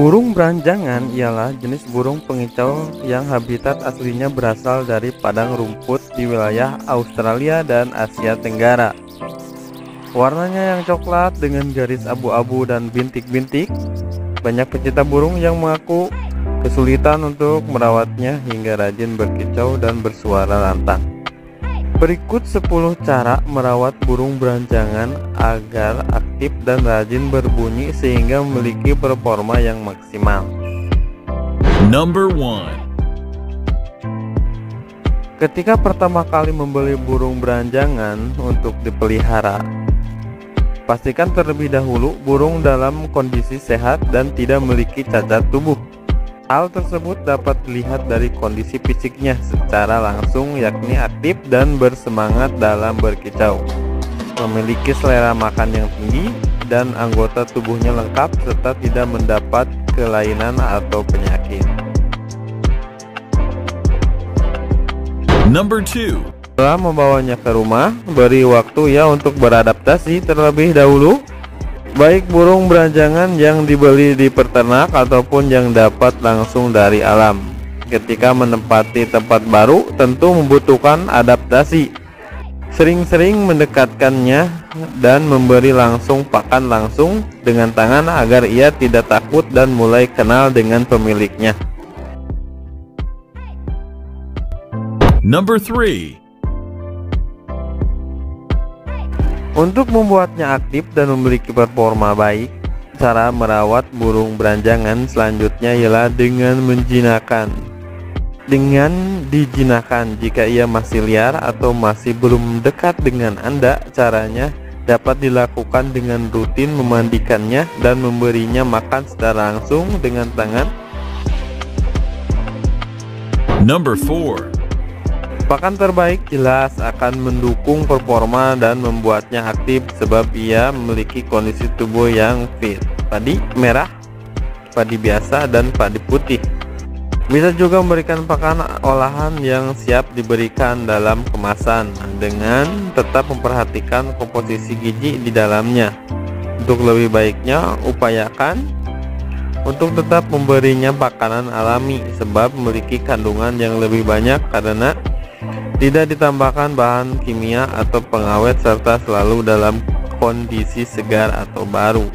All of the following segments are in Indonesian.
Burung beranjangan ialah jenis burung pengicau yang habitat aslinya berasal dari padang rumput di wilayah Australia dan Asia Tenggara. Warnanya yang coklat dengan garis abu-abu dan bintik-bintik. Banyak pecinta burung yang mengaku kesulitan untuk merawatnya hingga rajin berkicau dan bersuara lantang. Berikut 10 cara merawat burung beranjangan agar aktif aktif dan rajin berbunyi sehingga memiliki performa yang maksimal. Number one. Ketika pertama kali membeli burung beranjangan untuk dipelihara, pastikan terlebih dahulu burung dalam kondisi sehat dan tidak memiliki cacat tubuh. Hal tersebut dapat dilihat dari kondisi fisiknya secara langsung yakni aktif dan bersemangat dalam berkicau memiliki selera makan yang tinggi, dan anggota tubuhnya lengkap serta tidak mendapat kelainan atau penyakit. Number two. Setelah membawanya ke rumah, beri waktu ya untuk beradaptasi terlebih dahulu. Baik burung beranjangan yang dibeli di peternak ataupun yang dapat langsung dari alam. Ketika menempati tempat baru, tentu membutuhkan adaptasi Sering-sering mendekatkannya dan memberi langsung pakan langsung dengan tangan agar ia tidak takut dan mulai kenal dengan pemiliknya. Number 3 Untuk membuatnya aktif dan memiliki performa baik, cara merawat burung beranjangan selanjutnya ialah dengan menjinakkan dengan dijinakan jika ia masih liar atau masih belum dekat dengan Anda caranya dapat dilakukan dengan rutin memandikannya dan memberinya makan secara langsung dengan tangan Number 4 Pakan terbaik jelas akan mendukung performa dan membuatnya aktif sebab ia memiliki kondisi tubuh yang fit padi merah, padi biasa, dan padi putih bisa juga memberikan pakan olahan yang siap diberikan dalam kemasan dengan tetap memperhatikan komposisi gizi di dalamnya. Untuk lebih baiknya, upayakan untuk tetap memberinya pakanan alami sebab memiliki kandungan yang lebih banyak karena tidak ditambahkan bahan kimia atau pengawet serta selalu dalam kondisi segar atau baru.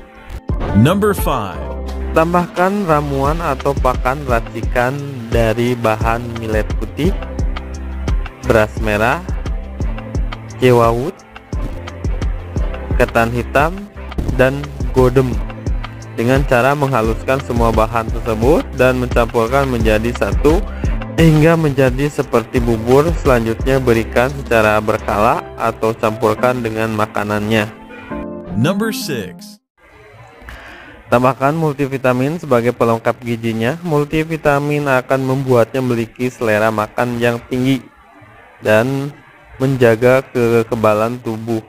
Number 5 Tambahkan ramuan atau pakan racikan dari bahan millet putih, beras merah, cewawut, ketan hitam, dan godem dengan cara menghaluskan semua bahan tersebut dan mencampurkan menjadi satu hingga menjadi seperti bubur selanjutnya berikan secara berkala atau campurkan dengan makanannya number 6 Tambahkan multivitamin sebagai pelengkap gizinya. Multivitamin akan membuatnya memiliki selera makan yang tinggi dan menjaga kekebalan tubuh.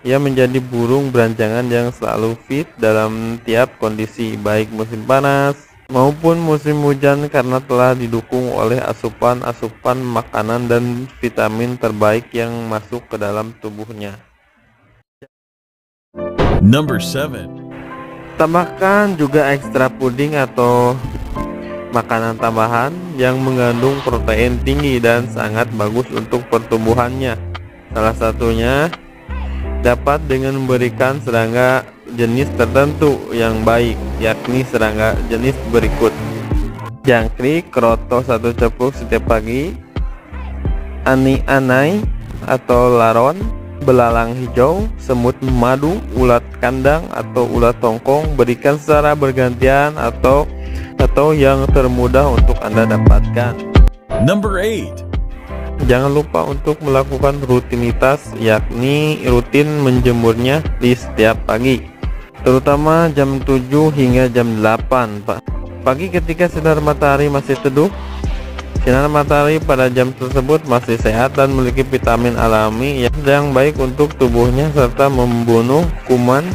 Ia menjadi burung beranjangan yang selalu fit dalam tiap kondisi, baik musim panas maupun musim hujan karena telah didukung oleh asupan-asupan makanan dan vitamin terbaik yang masuk ke dalam tubuhnya. Number 7 Tambahkan juga ekstra puding atau makanan tambahan yang mengandung protein tinggi dan sangat bagus untuk pertumbuhannya. Salah satunya dapat dengan memberikan serangga jenis tertentu yang baik, yakni serangga jenis berikut. Jangkrik, kroto satu cepuk setiap pagi, ani anai atau laron, belalang hijau, semut madu, ulat kandang atau ulat tongkong berikan secara bergantian atau atau yang termudah untuk Anda dapatkan. Number 8. Jangan lupa untuk melakukan rutinitas yakni rutin menjemurnya di setiap pagi terutama jam 7 hingga jam 8 Pagi ketika sinar matahari masih teduh, Sinar matahari pada jam tersebut masih sehat dan memiliki vitamin alami yang baik untuk tubuhnya serta membunuh kuman.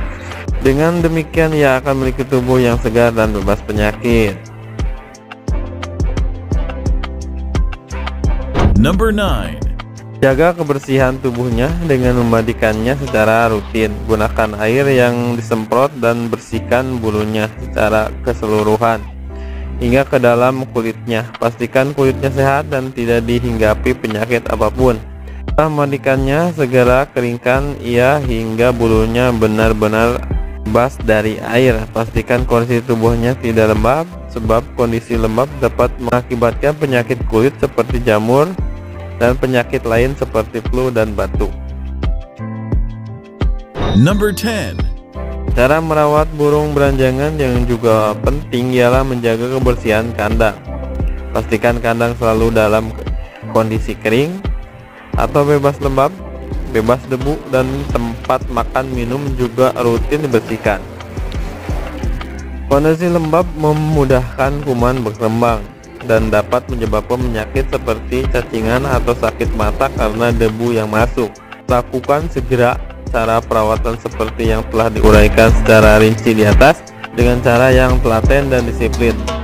Dengan demikian ia akan memiliki tubuh yang segar dan bebas penyakit. Number 9. Jaga kebersihan tubuhnya dengan memandikannya secara rutin. Gunakan air yang disemprot dan bersihkan bulunya secara keseluruhan hingga ke dalam kulitnya. Pastikan kulitnya sehat dan tidak dihinggapi penyakit apapun. Setelah memandikannya, segera keringkan ia hingga bulunya benar-benar bas dari air. Pastikan kondisi tubuhnya tidak lembab, sebab kondisi lembab dapat mengakibatkan penyakit kulit seperti jamur dan penyakit lain seperti flu dan batuk. Number 10 Cara merawat burung beranjangan yang juga penting ialah menjaga kebersihan kandang. Pastikan kandang selalu dalam kondisi kering atau bebas lembab, bebas debu dan tempat makan minum juga rutin dibersihkan. Kondisi lembab memudahkan kuman berkembang dan dapat menyebabkan penyakit seperti cacingan atau sakit mata karena debu yang masuk. Lakukan segera cara perawatan seperti yang telah diuraikan secara rinci di atas dengan cara yang telaten dan disiplin.